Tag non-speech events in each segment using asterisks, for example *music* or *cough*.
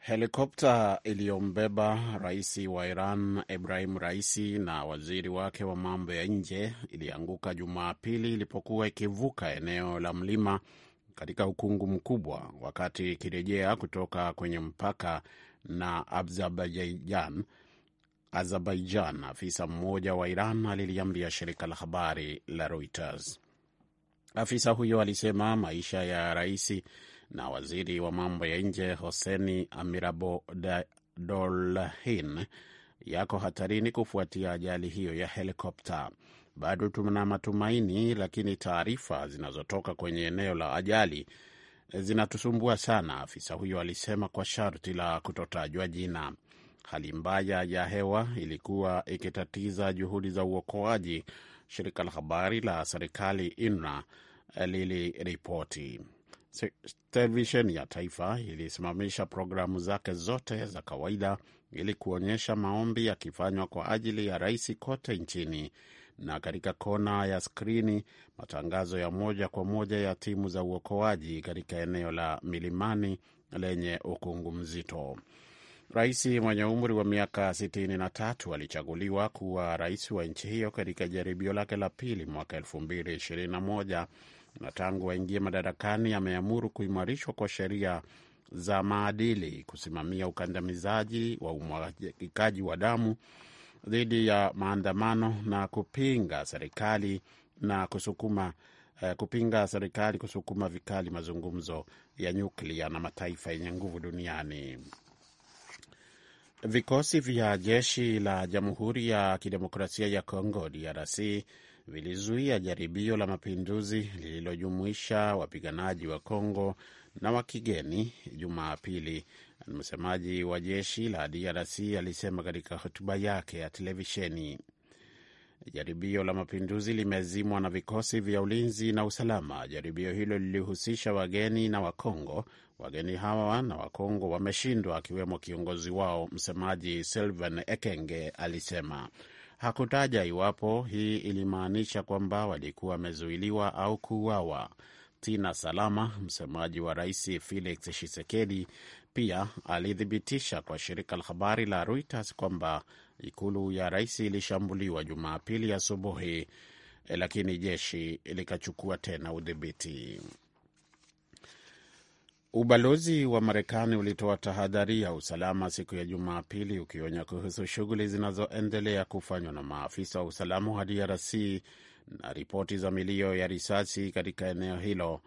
Helikopta iliyombeba rais wa Iran Ibrahim Raisi na waziri wake wa mambo ya nje ilianguka Jumapili ilipokuwa ikivuka eneo la mlima katika ukungu mkubwa, wakati ikirejea kutoka kwenye mpaka na Azerbaijan. Azerbaijan, afisa mmoja wa Iran aliliambia shirika la habari la Reuters. Afisa huyo alisema maisha ya raisi na waziri wa mambo ya nje Hoseni Amirabodolahin yako hatarini kufuatia ajali hiyo ya helikopta. Bado tuna matumaini, lakini taarifa zinazotoka kwenye eneo la ajali zinatusumbua sana, afisa huyo alisema kwa sharti la kutotajwa jina. Hali mbaya ya hewa ilikuwa ikitatiza juhudi za uokoaji, shirika la habari la serikali INRA liliripoti televisheni ya taifa ilisimamisha programu zake zote za kawaida ili kuonyesha maombi yakifanywa kwa ajili ya rais kote nchini, na katika kona ya skrini matangazo ya moja kwa moja ya timu za uokoaji katika eneo la milimani lenye ukungu mzito. Rais mwenye umri wa miaka 63 alichaguliwa kuwa rais wa nchi hiyo katika jaribio lake la pili mwaka 2021 na tangu waingie madarakani ameamuru kuimarishwa kwa sheria za maadili, kusimamia ukandamizaji wa umwagikaji wa damu dhidi ya maandamano na kupinga serikali na kusukuma uh, kupinga serikali kusukuma vikali mazungumzo ya nyuklia na mataifa yenye nguvu duniani. Vikosi vya jeshi la Jamhuri ya Kidemokrasia ya Kongo DRC vilizuia jaribio la mapinduzi lililojumuisha wapiganaji wa Kongo na wa kigeni Jumapili. Msemaji wa jeshi la DRC alisema katika hotuba yake ya televisheni, jaribio la mapinduzi limezimwa na vikosi vya ulinzi na usalama. Jaribio hilo lilihusisha wageni na Wakongo. Wageni hawa na Wakongo wameshindwa, akiwemo kiongozi wao, msemaji Sylvain Ekenge alisema. Hakutaja iwapo hii ilimaanisha kwamba walikuwa wamezuiliwa au kuuawa. Tina Salama, msemaji wa rais Felix Tshisekedi, pia alithibitisha kwa shirika la habari la Reuters kwamba ikulu ya rais ilishambuliwa Jumapili asubuhi, lakini jeshi likachukua tena udhibiti. Ubalozi wa Marekani ulitoa tahadhari ya usalama siku ya Jumapili ukionya kuhusu shughuli zinazoendelea kufanywa na maafisa wa usalama wa DRC na ripoti za milio ya risasi katika eneo hilo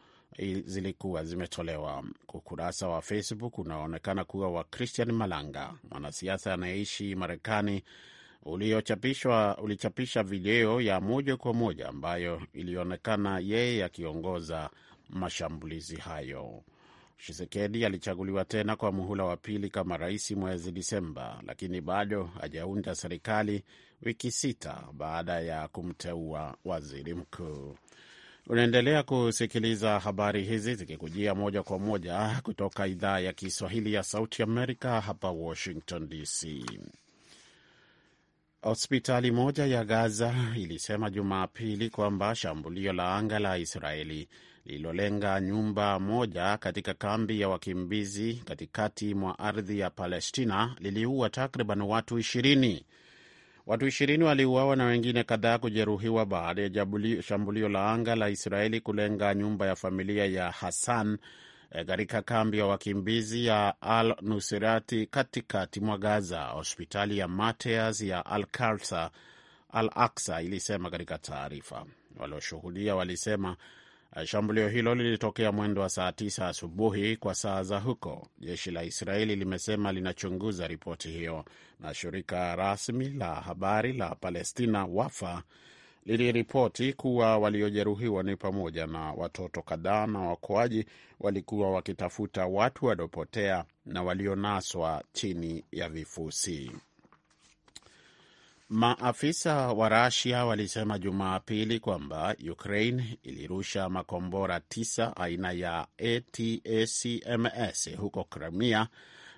zilikuwa zimetolewa. Ukurasa wa Facebook unaonekana kuwa wa Christian Malanga, mwanasiasa anayeishi Marekani, uliochapishwa ulichapisha video ya moja kwa moja ambayo ilionekana yeye akiongoza mashambulizi hayo. Tshisekedi alichaguliwa tena kwa muhula wa pili kama rais mwezi Disemba, lakini bado hajaunda serikali wiki sita baada ya kumteua waziri mkuu. Unaendelea kusikiliza habari hizi zikikujia moja kwa moja kutoka idhaa ya Kiswahili ya Sauti Amerika, hapa Washington DC. Hospitali moja ya Gaza ilisema Jumapili kwamba shambulio la anga la Israeli lililolenga nyumba moja katika kambi ya wakimbizi katikati mwa ardhi ya Palestina liliua takriban watu ishirini. Watu ishirini waliuawa na wengine kadhaa kujeruhiwa baada ya shambulio la anga la Israeli kulenga nyumba ya familia ya Hassan eh, katika kambi ya wakimbizi ya Al Nusirati katikati mwa Gaza. Hospitali ya Mateas ya Al Kalsa Al Aksa ilisema katika taarifa. Walioshuhudia walisema Shambulio hilo lilitokea mwendo wa saa tisa asubuhi kwa saa za huko. Jeshi la Israeli limesema linachunguza ripoti hiyo, na shirika rasmi la habari la Palestina Wafa liliripoti kuwa waliojeruhiwa ni pamoja na watoto kadhaa, na waokoaji walikuwa wakitafuta watu waliopotea na walionaswa chini ya vifusi. Maafisa wa Rasia walisema Jumapili kwamba Ukraine ilirusha makombora tisa aina ya ATACMS huko Crimea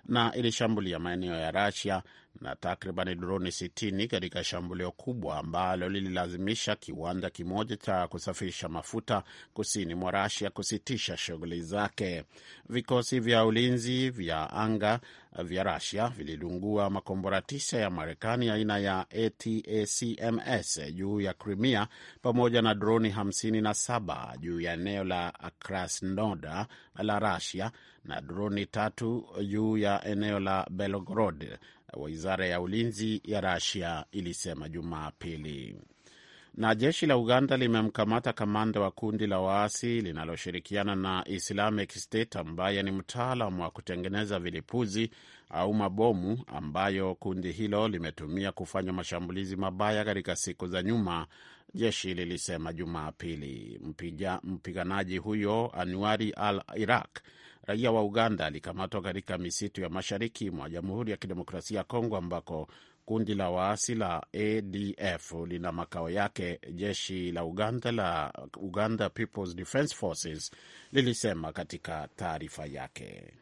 na ilishambulia maeneo ya Rasia na takribani droni 60 katika shambulio kubwa ambalo lililazimisha kiwanda kimoja cha kusafisha mafuta kusini mwa Rasia kusitisha shughuli zake. Vikosi vya ulinzi vya anga vya Rasia vilidungua makombora tisa ya Marekani aina ya ATACMS juu ya Crimea pamoja na droni 57 juu ya eneo la Krasnodar la Rasia na droni tatu juu ya eneo la Belgorod wizara ya ulinzi ya Rasia ilisema Jumapili. Na jeshi la Uganda limemkamata kamanda wa kundi la waasi linaloshirikiana na Islamic State ambaye ni mtaalamu wa kutengeneza vilipuzi au mabomu ambayo kundi hilo limetumia kufanya mashambulizi mabaya katika siku za nyuma, jeshi lilisema Jumapili. Mpiganaji huyo Anuari al Iraq raia wa Uganda alikamatwa katika misitu ya mashariki mwa Jamhuri ya Kidemokrasia ya Kongo ambako kundi la waasi la ADF lina makao yake. Jeshi la Uganda la Uganda People's Defence Forces lilisema katika taarifa yake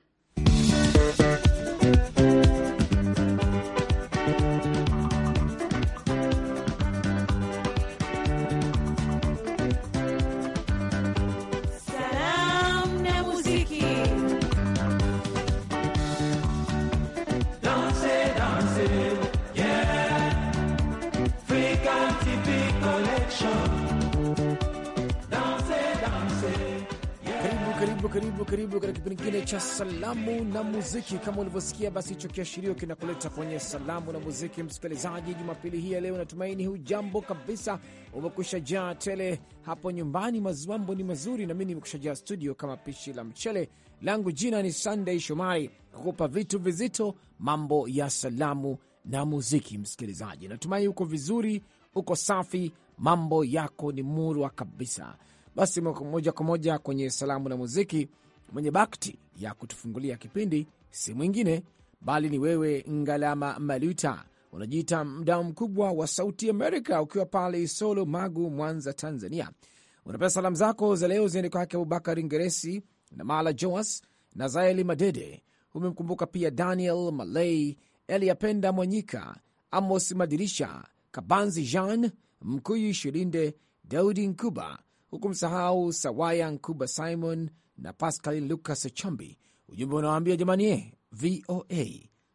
karibu karibu katika kipindi kingine cha salamu na muziki. Kama ulivyosikia, basi hicho kiashirio kinakuleta kwenye salamu na muziki. Msikilizaji, jumapili hii ya leo, natumaini hujambo kabisa, umekusha jaa tele hapo nyumbani, mambo ni mazuri, na mi nimekusha jaa studio kama pishi la mchele langu. Jina ni Sunday Shomari, kukupa vitu vizito, mambo ya salamu na muziki. Msikilizaji, natumai uko vizuri, uko safi, mambo yako ni murwa kabisa. Basi moja kwa moja kwenye salamu na muziki Mwenye bakti ya kutufungulia kipindi si mwingine bali ni wewe Ngalama Maluta, unajiita mda mkubwa wa Sauti Amerika, ukiwa pale Isolo, Magu, Mwanza, Tanzania. Unapea salamu zako za leo ziende kwake Abubakar Ngeresi na Mala Joas na Zaeli Madede. Umemkumbuka pia Daniel Malay, Eliapenda Mwanyika, Amos Madirisha, Kabanzi Jean Mkuyu, Shilinde Daudi Nkuba, huku msahau Sawaya Nkuba, Simon na Pascal Lucas Chambi. Ujumbe unawaambia jamani, ye eh, VOA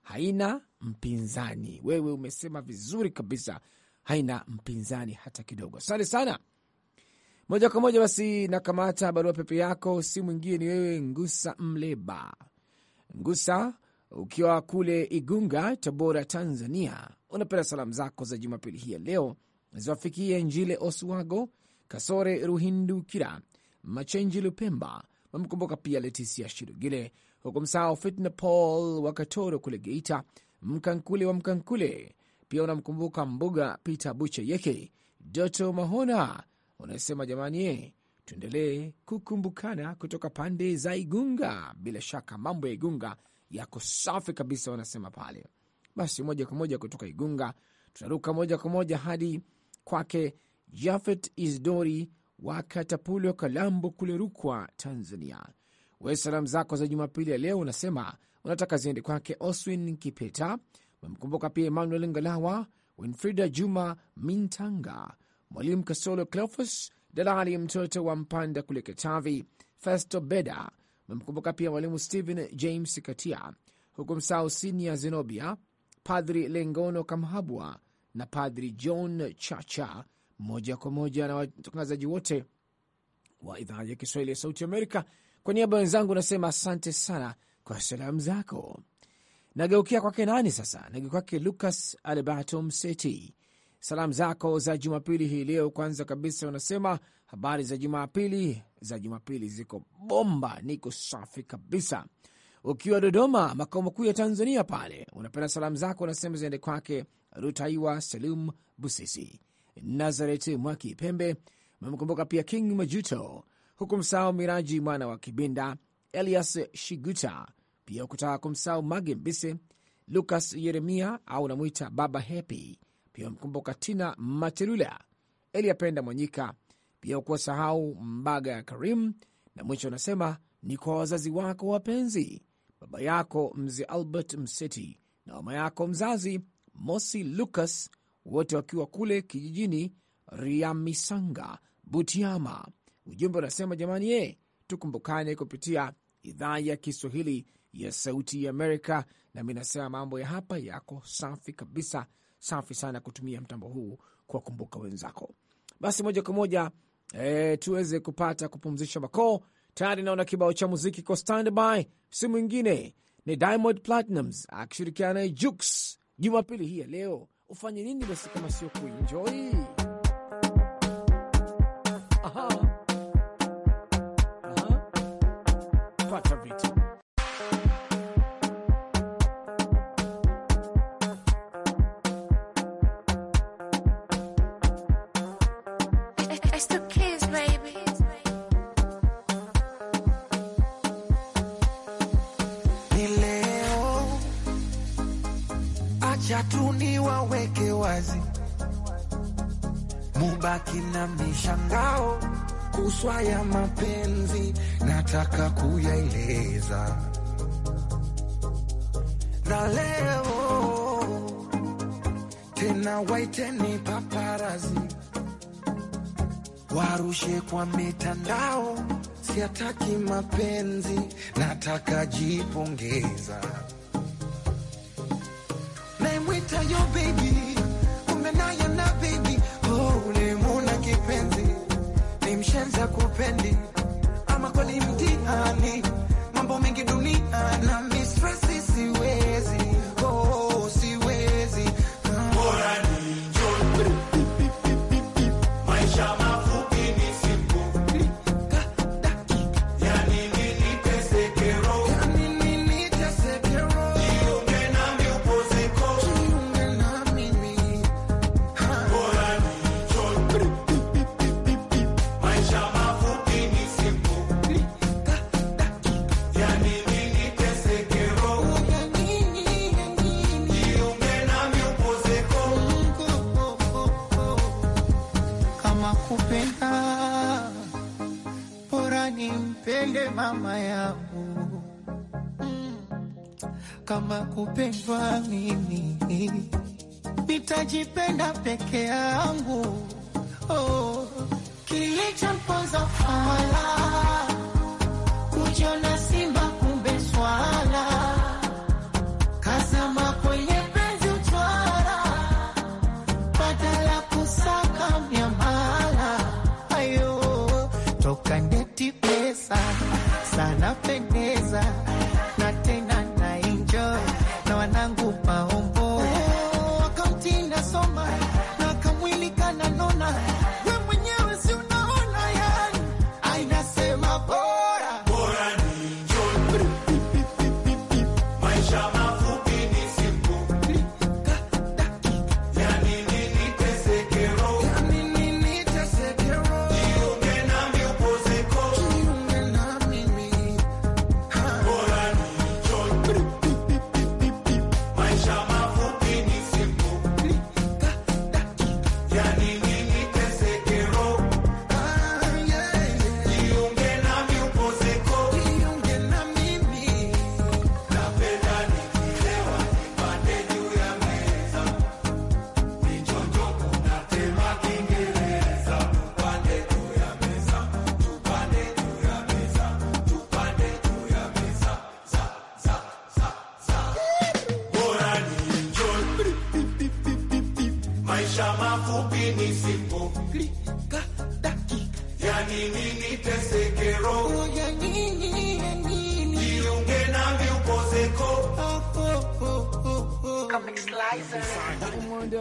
haina mpinzani. Wewe umesema vizuri kabisa, haina mpinzani hata kidogo. Asante sana. Moja kwa moja basi nakamata barua pepe yako, si mwingine ni wewe Ngusa Mleba Ngusa, ukiwa kule Igunga, Tabora, Tanzania. Unapenda salamu zako za Jumapili hii ya leo ziwafikie Njile Oswago, Kasore Ruhindukira, Machenji Lupemba, Wamemkumbuka pia Leticia Shirugile, hukumsahau Fitna Paul wa Katoro kule Geita, Mkankule wa Mkankule. Pia unamkumbuka Mbuga Peter Yeke, Doto Mahona. Unasema jamani, tuendelee kukumbukana kutoka pande za Igunga. Bila shaka mambo ya Igunga yako safi kabisa, wanasema pale. Basi moja kwa moja kutoka Igunga tunaruka moja kwa moja hadi kwake Jafet Isdori wa Katapulo Kalambo kule Rukwa, Tanzania. we salamu zako za Jumapili ya leo unasema unataka ziende kwake Oswin Kipeta, umemkumbuka pia Emmanuel Ngalawa, Winfrida Juma Mintanga, Mwalimu Kasolo Clofus, Dalali, mtoto wa Mpanda kule Katavi, Festo Beda, umemkumbuka pia Mwalimu Stephen James Katia, huku msao Sinia Zenobia, Padri Lengono Kamhabwa na Padri John Chacha moja kwa moja na watangazaji wote wa idhaa ya Kiswahili ya Sauti Amerika. Kwa niaba ya wenzangu nasema asante sana kwa salamu zako. Nageukia kwake nani sasa? Nage kwake Lucas Alberto Mseti. Salamu zako za Jumapili hii leo, kwanza kabisa unasema habari za Jumapili. Za Jumapili ziko bomba, niko safi kabisa. Ukiwa Dodoma, makao makuu ya Tanzania pale, unapenda salamu zako unasema ziende kwake Rutaiwa Selum Busisi, Nazaret Mwaki Pembe, memkumbuka pia King Majuto, huku msahau Miraji mwana wa Kibinda, Elias Shiguta, pia hukutaka kumsahau Mage Mbise, Lukas Yeremia au namwita Baba Hepi, pia wamkumbuka Tina Matelula, Eliapenda Mwanyika, pia sahau Mbaga ya Karim na mwisho anasema ni kwa wazazi wako wapenzi, baba yako mzee Albert Mseti na mama yako mzazi Mosi Lucas wote wakiwa kule kijijini Riamisanga, Butiama. Ujumbe unasema jamani, ye eh, tukumbukane kupitia idhaa ya Kiswahili ya Sauti ya Amerika. Nami nasema mambo ya hapa yako safi kabisa, safi sana kutumia mtambo huu kuwakumbuka wenzako. Basi moja kwa moja e, tuweze kupata kupumzisha makoo. Tayari naona kibao cha muziki kwa standby, si mwingine ni Diamond Platnumz akishirikiana na Jumapili hii ya leo Ufanye nini basi kama sio kuenjoy? ya mapenzi nataka kuyaeleza, na leo tena waiteni paparazi warushe kwa mitandao, siataki mapenzi, nataka jipongeza, naimwita yo bebi mshenza kupendi ama kweli mtihani, mambo mengi duniani kama kupendwa mimi nitajipenda peke yangu. Oh, kilichoponza falaa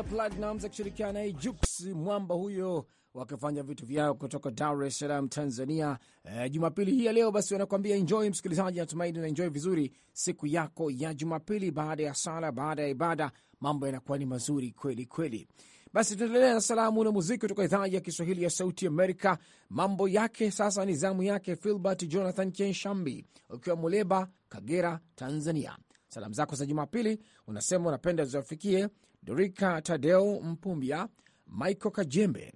Platnumz akishirikiana naye Jux Mwamba huyo wakifanya vitu vyao kutoka Dar es Salaam, Tanzania. E, Jumapili hii ya leo basi wanakuambia enjoy, msikilizaji, natumaini na enjoy vizuri siku yako ya Jumapili. Baada ya sala, baada ya ibada, mambo yanakuwa ni mazuri kweli kweli. Basi tuendelee na salamu na muziki kutoka idhaa ya Kiswahili ya Sauti Amerika. Mambo yake sasa ni zamu yake Filbert Jonathan Kenshambi, ukiwa Muleba, Kagera, Tanzania. Salamu zako za Jumapili unasema unapenda ziwafikie Dorika Tadeo Mpumbya, Michael Kajembe,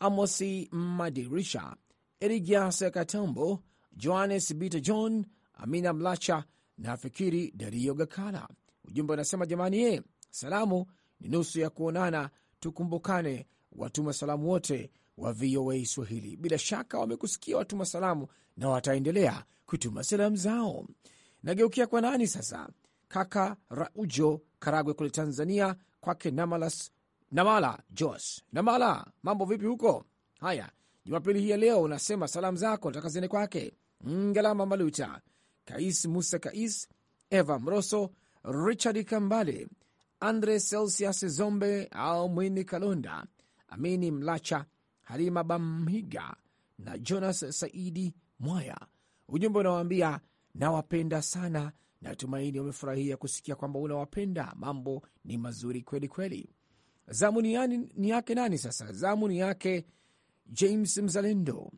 Amosi Madirisha, Erigias Katambo, Johannes Bita, John Amina Mlacha na Fikiri Dario Gakala. Ujumbe unasema jamani, ye eh, salamu ni nusu ya kuonana, tukumbukane. Watuma salamu wote wa VOA Swahili bila shaka wamekusikia watuma salamu na wataendelea kutuma salamu zao. Nageukia kwa nani sasa? Kaka Raujo Karagwe kule Tanzania kwake Namalas Namala Jos Namala, mambo vipi huko? Haya, Jumapili hii ya leo unasema salamu zako nataka ziende kwake Ngalama Maluta, Kais Musa, Kais Eva Mroso, Richard Kambale, Andre Celsius Zombe au Mwini Kalonda, Amini Mlacha, Halima Bamhiga na Jonas Saidi Mwaya. Ujumbe unawaambia nawapenda sana Natumaini wamefurahia kusikia kwamba unawapenda. Mambo ni mazuri kweli kweli. Zamu ni, yani, ni yake nani sasa? Zamu ni yake James Mzalendo.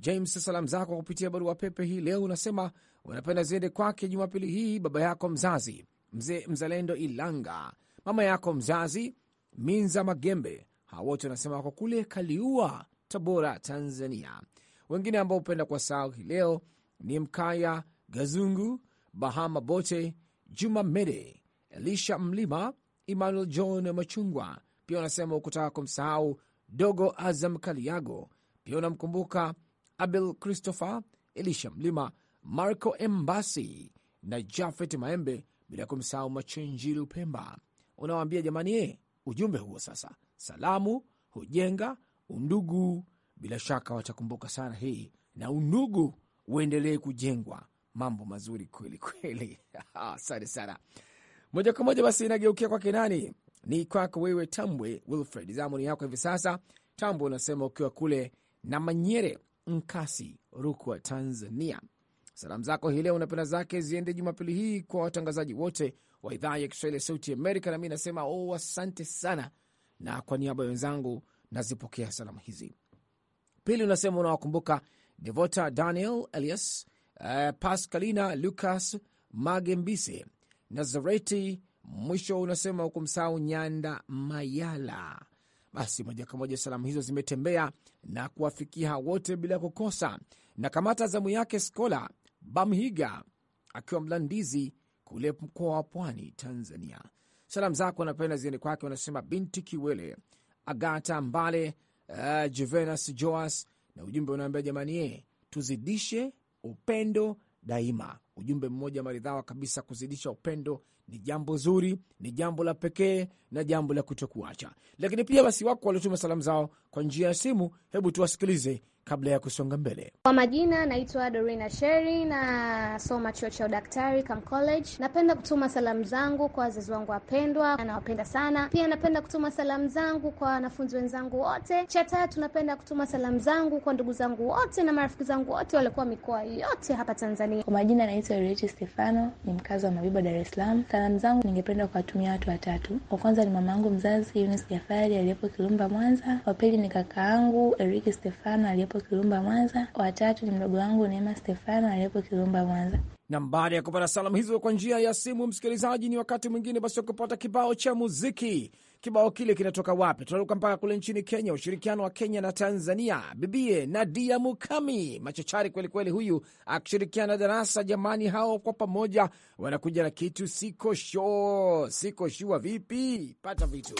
James, salamu zako kupitia barua pepe hii leo unasema unapenda ziende kwake Jumapili hii baba yako mzazi mzee Mzalendo Ilanga, mama yako mzazi Minza Magembe. Hawa wote wanasema wako kule Kaliua, Tabora, Tanzania. Wengine ambao upenda kwa sahau hii leo ni Mkaya Gazungu Bahama Bote, Juma Mede, Elisha Mlima, Emmanuel John Machungwa. Pia unasema ukutaka kumsahau Dogo Azam Kaliago, pia unamkumbuka Abel Christopher, Elisha Mlima, Marco Embasi na Jafet Maembe, bila kumsahau Machenji Lupemba. Unawaambia jamani, ye eh, ujumbe huo sasa, salamu hujenga undugu. Bila shaka watakumbuka sana hii, na undugu uendelee kujengwa Mambo mazuri kweli kweli. *laughs* Ah, asante sana. Moja kwa moja basi inageukia kwake nani, ni kwako wewe Tambwe Wilfred, zamuni yako hivi sasa. Tambwe unasema ukiwa kule na Manyere Nkasi, Rukwa, Tanzania. Salamu zako hii leo unapenda zake ziende Jumapili hii kwa watangazaji wote wa idhaa ya Kiswahili ya Sauti Amerika, nami nasema oh, asante sana, na kwa niaba ya wenzangu nazipokea salamu hizi. Pili unasema unawakumbuka Devota Daniel Elias paskalina eh, Pascalina Lucas Magembise Nazareti. Mwisho unasema hukumsahau Nyanda Mayala. Basi moja kwa moja salamu hizo zimetembea na kuwafikia wote bila kukosa. Na kamata zamu yake Skola Bamhiga akiwa Mlandizi kule mkoa wa Pwani, Tanzania. Salamu zako anapenda ziende kwake, wanasema Binti Kiwele, Agata Mbale, uh, eh, Juvenas Joas, na ujumbe unaambia jamani, ye eh, tuzidishe upendo daima. Ujumbe mmoja maridhawa kabisa, kuzidisha upendo ni jambo zuri, ni jambo la pekee na jambo la kutokuacha. Lakini pia basi, wako waliotuma salamu zao kwa njia ya simu, hebu tuwasikilize kabla ya kusonga mbele. Kwa majina naitwa Dorina Sheri, nasoma chuo cha udaktari Cam College. Napenda kutuma salamu zangu kwa wazazi wangu wapendwa, anawapenda sana. Pia napenda kutuma salamu zangu kwa wanafunzi wenzangu wote. Cha tatu, napenda kutuma salamu zangu kwa ndugu zangu wote na marafiki zangu wote waliokuwa mikoa yote hapa Tanzania. Kwa majina naitwa Rechi Stefano, ni mkazi wa Mabibo, Dar es Salaam. Salamu zangu ningependa kuwatumia watu watatu. Wa kwanza ni mama angu mzazi Yunis Jafari aliyepo Kilumba, Mwanza. Wa pili ni kaka angu Eriki Stefano aliyepo aliyepo Kirumba Mwanza, watatu ni mdogo wangu Neema Stefano aliyepo Kirumba Mwanza. Na baada ya kupata salamu hizo kwa njia ya simu, msikilizaji, ni wakati mwingine basi wa kupata kibao cha muziki. Kibao kile kinatoka wapi? Tunaruka mpaka kule nchini Kenya, ushirikiano wa Kenya na Tanzania, bibie Nadia Mukami, machachari kwelikweli, huyu akishirikiana na Darasa. Jamani, hao kwa pamoja wanakuja na kitu siko sikoshua siko shua. Vipi pata vitu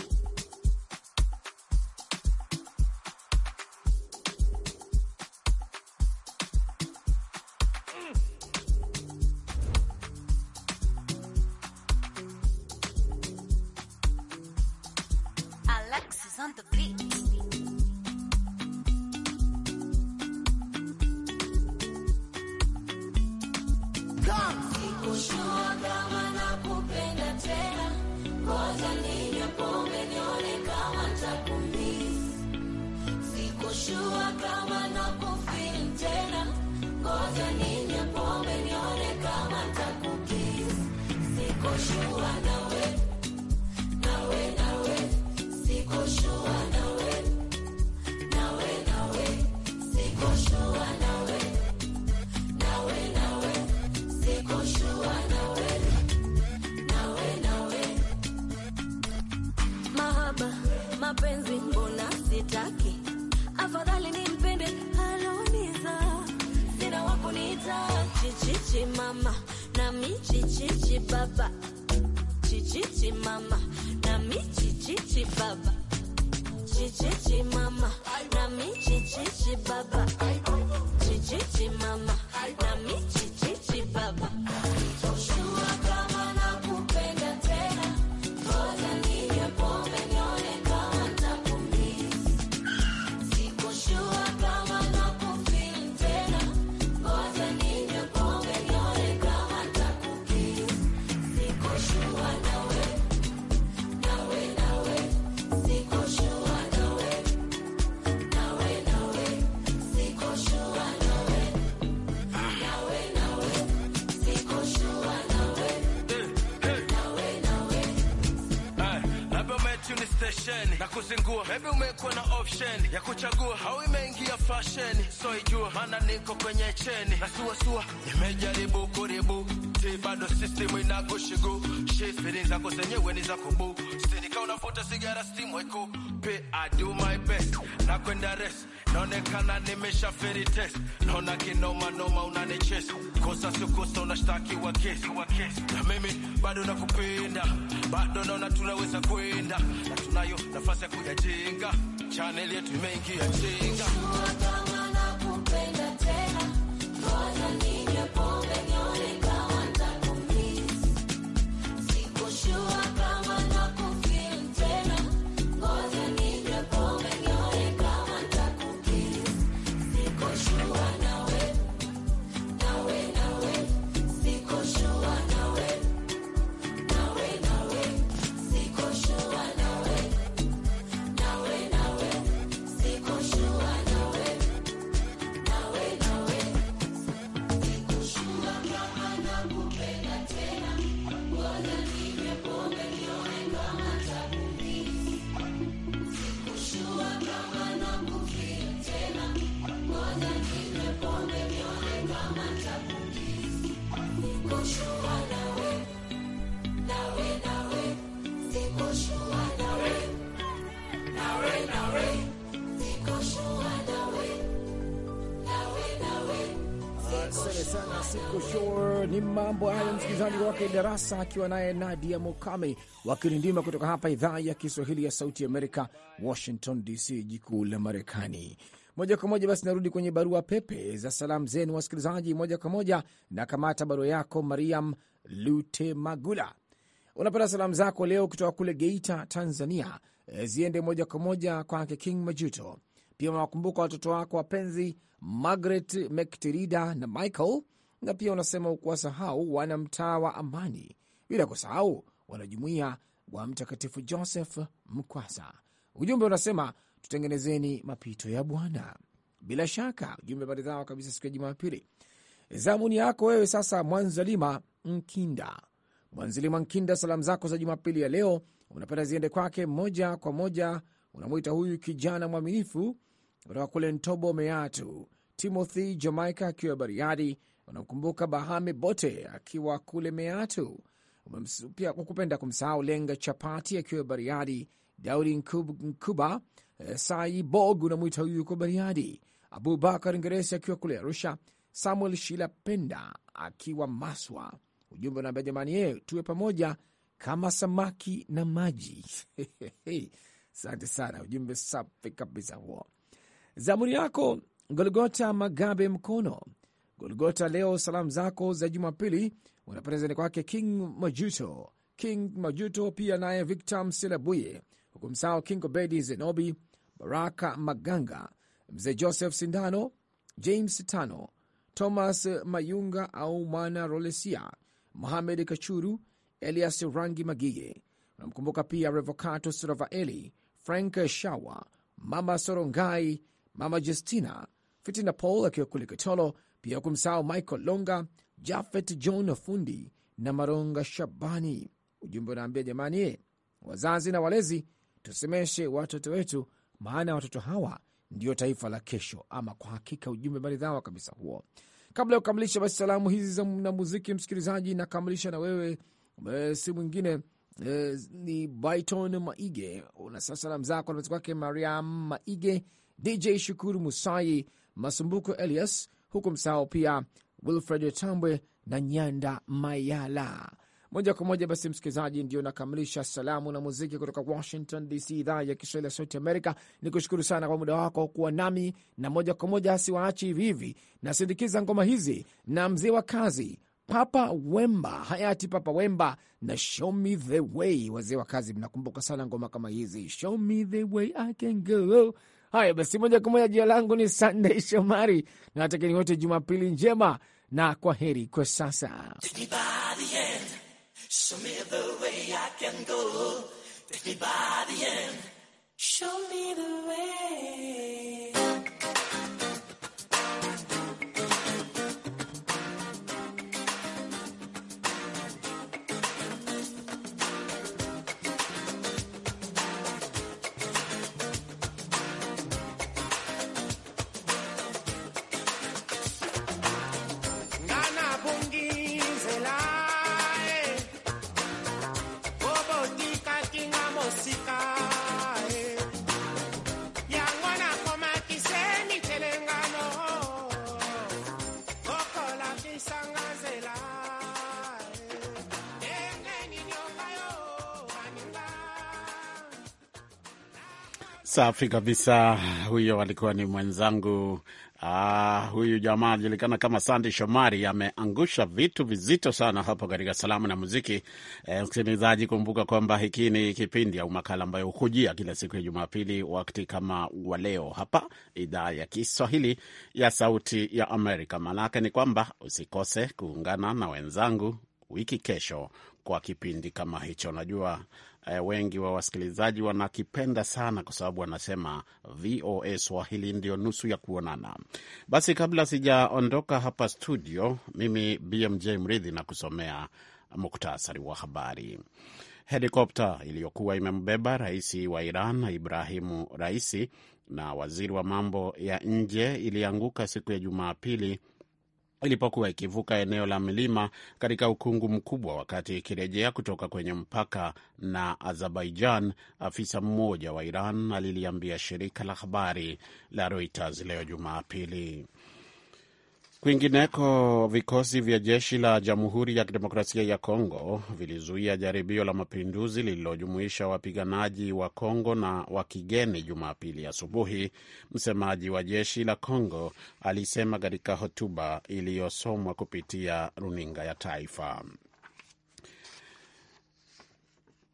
kuchagua, maybe umekuwa na option ya kuchagua au imeingia fashion, so ijua maana niko kwenye cheni na suasua, nimejaribu kuribu si bado system inakushigu shifiri zako zenyewe ni za kubu sinika unavuta sigara steam weko pe I do my best na kwenda rest naonekana nimesha nimeshaferi test naona kinoma noma unanichesa kosa sio kosa, unashtakiwa kesi. Na mimi bado nakupenda, bado naona tunaweza kwenda na tunayo nafasi ya kuyajenga. Chaneli yetu imeingia jenga Asante sana Siko Shore. Ni mambo hayo, msikilizaji wake darasa akiwa naye Nadia Mukame wakirindima kutoka hapa idhaa ya Kiswahili ya Sauti Amerika, Washington DC, jikuu la Marekani. Moja kwa moja basi narudi kwenye barua pepe za salamu zenu wasikilizaji, moja kwa moja na kamata barua yako. Mariam Lute Magula, unapata salamu zako leo kutoka kule Geita, Tanzania, eh, ziende moja kwa moja kwake King Majuto, pia unawakumbuka watoto wako wapenzi Margaret Mctirida na Michael, na pia unasema ukuwasahau wana mtaa wa Amani, bila kusahau wanajumuia wa Mtakatifu Joseph Mkwasa. Ujumbe unasema tutengenezeni mapito ya Bwana. Bila shaka ujumbe maridhawa kabisa siku ya Jumapili. Zamuni yako wewe sasa, Mwanzalima Mkinda. Mwanzalima Mkinda, salamu zako za Jumapili ya leo unapenda ziende kwake moja kwa moja, unamwita huyu kijana mwaminifu kutoka kule Ntobo Meatu, Timothy Jamaica akiwa Bariadi, unamkumbuka Bahame Bote akiwa kule Meatu, pia kupenda kumsahau Lenga Chapati akiwa Bariadi, Daudi Nkuba eh, Sai Bog unamwita huyu yuko Bariadi, Abubakar Ngeresi akiwa kule Arusha, Samuel Shilapenda akiwa Maswa. Ujumbe unaambia jamani, ye eh, tuwe pamoja kama samaki na maji. *laughs* Asante sana, ujumbe safi kabisa huo zamuni yako Golgota Magabe Mkono. Golgota leo salamu zako za Jumapili unaprezeni kwake King Majuto, King Majuto pia naye Victor Msilabuye, huku msao King Obedi Zenobi, Baraka Maganga, mzee Joseph Sindano, James Tano, Thomas Mayunga au mwana Rolesia, Mohamed Kachuru, Elias Rangi Magige. Unamkumbuka pia Revocato Suravaeli, Frank Shawa, mama Sorongai Mama Justina Fitina Paul akiwa kule Kitolo, pia kumsahau Michael Longa, Jafet John Fundi na Maronga Shabani. Ujumbe unaambia jamani, ye wazazi na walezi, tusemeshe watoto wetu, maana watoto hawa ndio taifa la kesho. Ama kwa hakika ujumbe maridhawa kabisa huo. Kabla ya kukamilisha basi salamu hizi na muziki, msikilizaji, nakamilisha na wewe eh, si mwingine e, ni Byton Maige. Unasema salamu zako na kwake Mariam Maige DJ Shukuru Musayi, Masumbuko Elias, huku msahau pia Wilfred Tambwe na Nyanda Mayala. Moja kwa moja basi, msikilizaji, ndio nakamilisha salamu na muziki kutoka Washington DC, idhaa ya Kiswahili ya Sauti Amerika. Ni kushukuru sana kwa muda wako kuwa nami, na moja kwa moja siwaachi hivi hivi, nasindikiza ngoma hizi na mzee wa kazi Papa Wemba, hayati Papa Wemba na show me the way. Wazee wa kazi, mnakumbuka sana ngoma kama hizi, show me the way I can go Haya basi, moja kwa moja, jina langu ni sandey Shomari na watakeni wote Jumapili njema na kwa heri kwa sasa. Safi kabisa. Huyo alikuwa ni mwenzangu. Ah, huyu jamaa anajulikana kama Sandi Shomari ameangusha vitu vizito sana hapo katika salamu na muziki. Eh, msikilizaji, eh, kumbuka kwamba hiki ni kipindi au makala ambayo hukujia kila siku ya Jumapili wakati kama wa leo hapa idhaa ya Kiswahili ya Sauti ya Amerika. Maanake ni kwamba usikose kuungana na wenzangu wiki kesho kwa kipindi kama hicho. Najua Eh, wengi wa wasikilizaji wanakipenda sana, kwa sababu wanasema VOA Swahili ndio nusu ya kuonana. Basi kabla sijaondoka hapa studio, mimi BMJ Mridhi na kusomea muktasari wa habari. Helikopta iliyokuwa imembeba rais wa Iran Ibrahimu Raisi na waziri wa mambo ya nje ilianguka siku ya Jumapili ilipokuwa ikivuka eneo la milima katika ukungu mkubwa wakati ikirejea kutoka kwenye mpaka na Azerbaijan, afisa mmoja wa Iran aliliambia shirika la habari la Reuters leo Jumapili. Kwingineko, vikosi vya jeshi la Jamhuri ya Kidemokrasia ya Kongo vilizuia jaribio la mapinduzi lililojumuisha wapiganaji wa Kongo na wa kigeni Jumapili asubuhi, msemaji wa jeshi la Kongo alisema katika hotuba iliyosomwa kupitia runinga ya taifa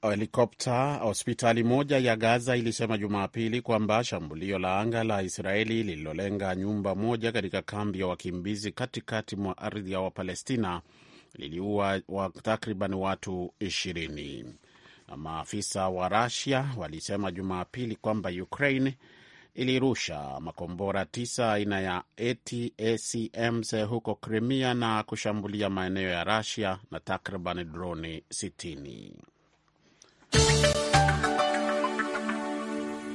helikopta hospitali moja ya Gaza ilisema Jumapili kwamba shambulio la anga la Israeli lililolenga nyumba moja katika kambi ya wakimbizi katikati mwa ardhi ya Wapalestina liliua wa takriban watu ishirini. Maafisa wa Rasia walisema Jumapili kwamba Ukraine ilirusha makombora tisa aina ya ATACMS huko Crimea na kushambulia maeneo ya Rasia na takriban droni sitini.